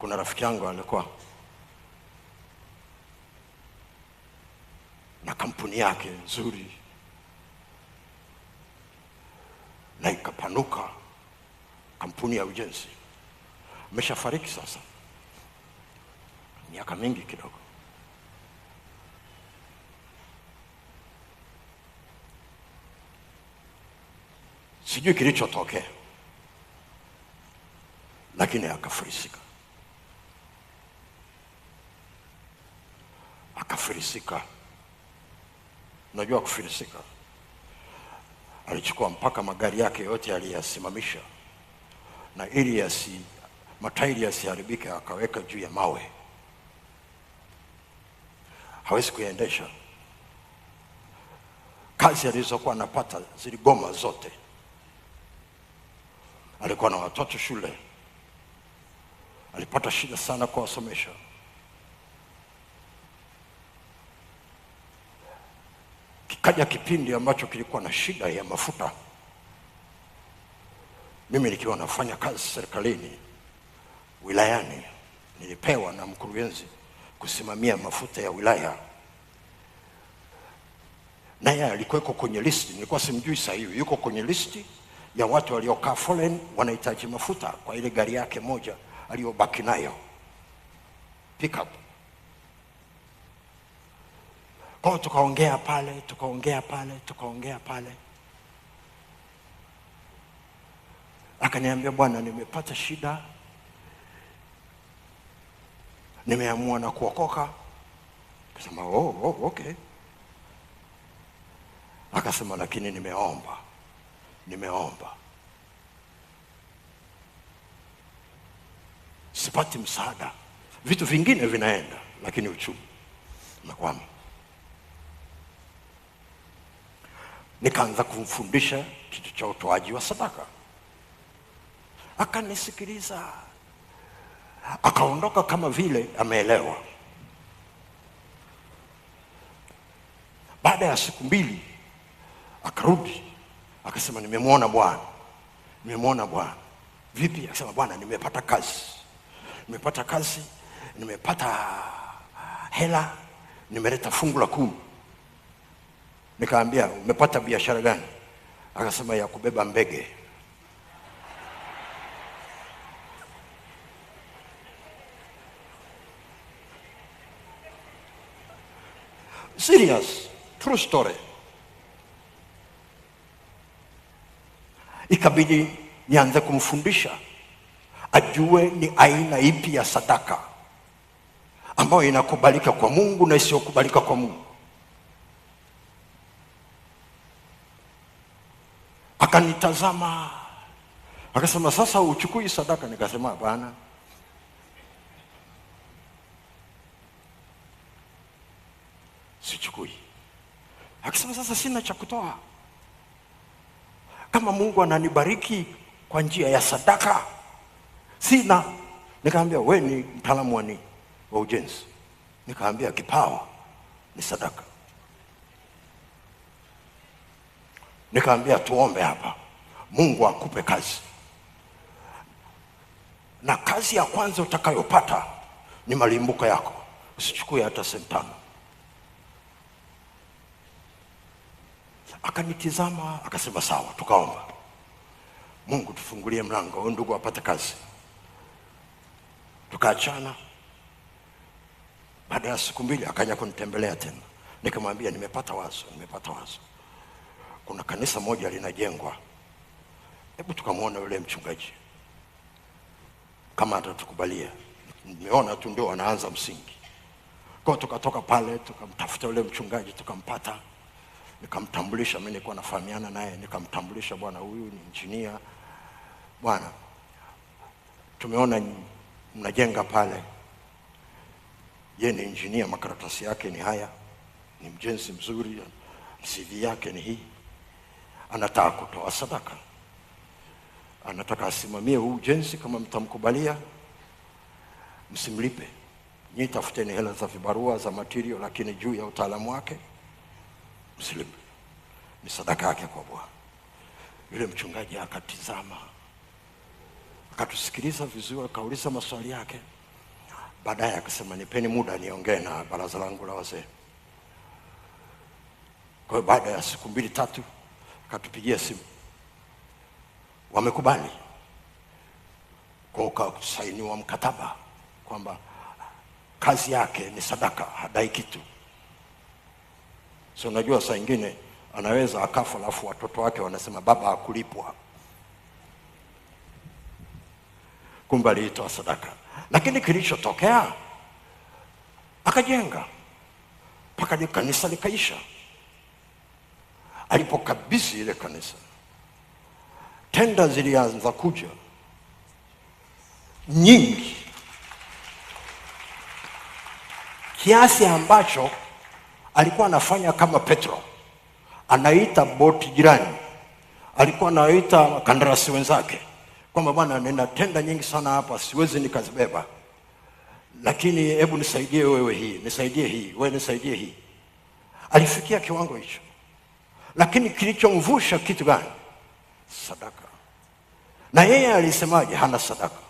Kuna rafiki yangu alikuwa na kampuni yake nzuri na ikapanuka, kampuni ya ujenzi. Ameshafariki sasa, miaka mingi kidogo. Sijui kilichotokea, lakini akafurisika kufilisika. Unajua kufilisika, alichukua mpaka magari yake yote aliyasimamisha, na ili yasi matairi yasiharibike akaweka juu ya mawe. Hawezi kuyaendesha. Kazi alizokuwa anapata ziligoma zote. Alikuwa na watoto shule, alipata shida sana kuwasomesha. Kikaja kipindi ambacho kilikuwa na shida ya mafuta, mimi nikiwa nafanya kazi serikalini wilayani, nilipewa na mkurugenzi kusimamia mafuta ya wilaya, naye alikuweko kwenye listi. Nilikuwa simjui saa yuko kwenye listi ya watu waliokaa foreign wanahitaji mafuta kwa ile gari yake moja aliyobaki nayo pickup Kwao tukaongea pale, tukaongea pale, tukaongea pale, akaniambia bwana, nimepata shida, nimeamua na kuokoka. Akasema oh, oh, oh okay. Akasema lakini nimeomba, nimeomba sipati msaada, vitu vingine vinaenda, lakini uchumi nakwama nikaanza kumfundisha kitu cha utoaji wa sadaka, akanisikiliza akaondoka kama vile ameelewa. Baada ya siku mbili akarudi akasema, nimemwona Bwana, nimemwona Bwana. Vipi? Akasema, Bwana, nimepata kazi, nimepata kazi, nimepata hela, nimeleta fungu la kumi. Nikaambia, umepata biashara gani? Akasema ya kubeba mbege. Serious, true story. Ikabidi nianze kumfundisha ajue ni aina ipi ya sadaka ambayo inakubalika kwa Mungu na isiyokubalika kwa Mungu. akanitazama akasema, sasa uchukui sadaka? Nikasema hapana. Sichukui. Akasema sasa sina cha kutoa. Kama Mungu ananibariki kwa njia ya sadaka, sina. Nikaambia we ni mtaalamu wa ujenzi? Nikaambia kipawa ni sadaka. nikaambia tuombe hapa, Mungu akupe kazi, na kazi ya kwanza utakayopata ni malimbuko yako, usichukue hata sentano Akanitizama akasema sawa, tukaomba Mungu tufungulie mlango huyu ndugu apate kazi. Tukaachana. Baada ya siku mbili akaja kunitembelea tena, nikamwambia nimepata wazo, nimepata wazo kuna kanisa moja linajengwa, hebu tukamwona yule mchungaji kama atatukubalia. Nimeona tu ndio wanaanza msingi kwao, tukatoka pale tukamtafuta yule mchungaji tukampata, nikamtambulisha. Mimi nilikuwa nafahamiana naye, nikamtambulisha, bwana, huyu ni injinia bwana, tumeona mnajenga pale. Ye ni injinia, makaratasi yake ni haya, ni mjenzi mzuri, CV yake ni hii anataka kutoa sadaka, anataka asimamie huu ujenzi. Kama mtamkubalia, msimlipe ni tafuteni hela za vibarua za matirio, lakini juu ya utaalamu wake msilipe, ni sadaka yake kwa Bwana. Yule mchungaji akatizama, akatusikiliza vizuri, akauliza maswali yake. Baadaye akasema nipeni muda niongee na baraza langu la wazee. Kwa hiyo baada ya siku mbili tatu akatupigia simu, wamekubali kwa ukasainiwa mkataba kwamba kazi yake ni sadaka, hadai kitu. Si unajua saa ingine anaweza akafa, alafu watoto wake wanasema baba hakulipwa, kumbe aliitoa sadaka. Lakini kilichotokea akajenga mpaka kanisa likaisha alipokabisi ile kanisa, tenda zilianza kuja nyingi kiasi ambacho alikuwa anafanya kama Petro, anaita boti jirani, alikuwa anaita kandarasi wenzake kwamba bwana, nina tenda nyingi sana hapa, siwezi nikazibeba, lakini hebu nisaidie wewe hii, nisaidie hii, wewe nisaidie hii. Alifikia kiwango hicho lakini kilichomvusha kitu gani? Sadaka. Na yeye alisemaje? Hana sadaka.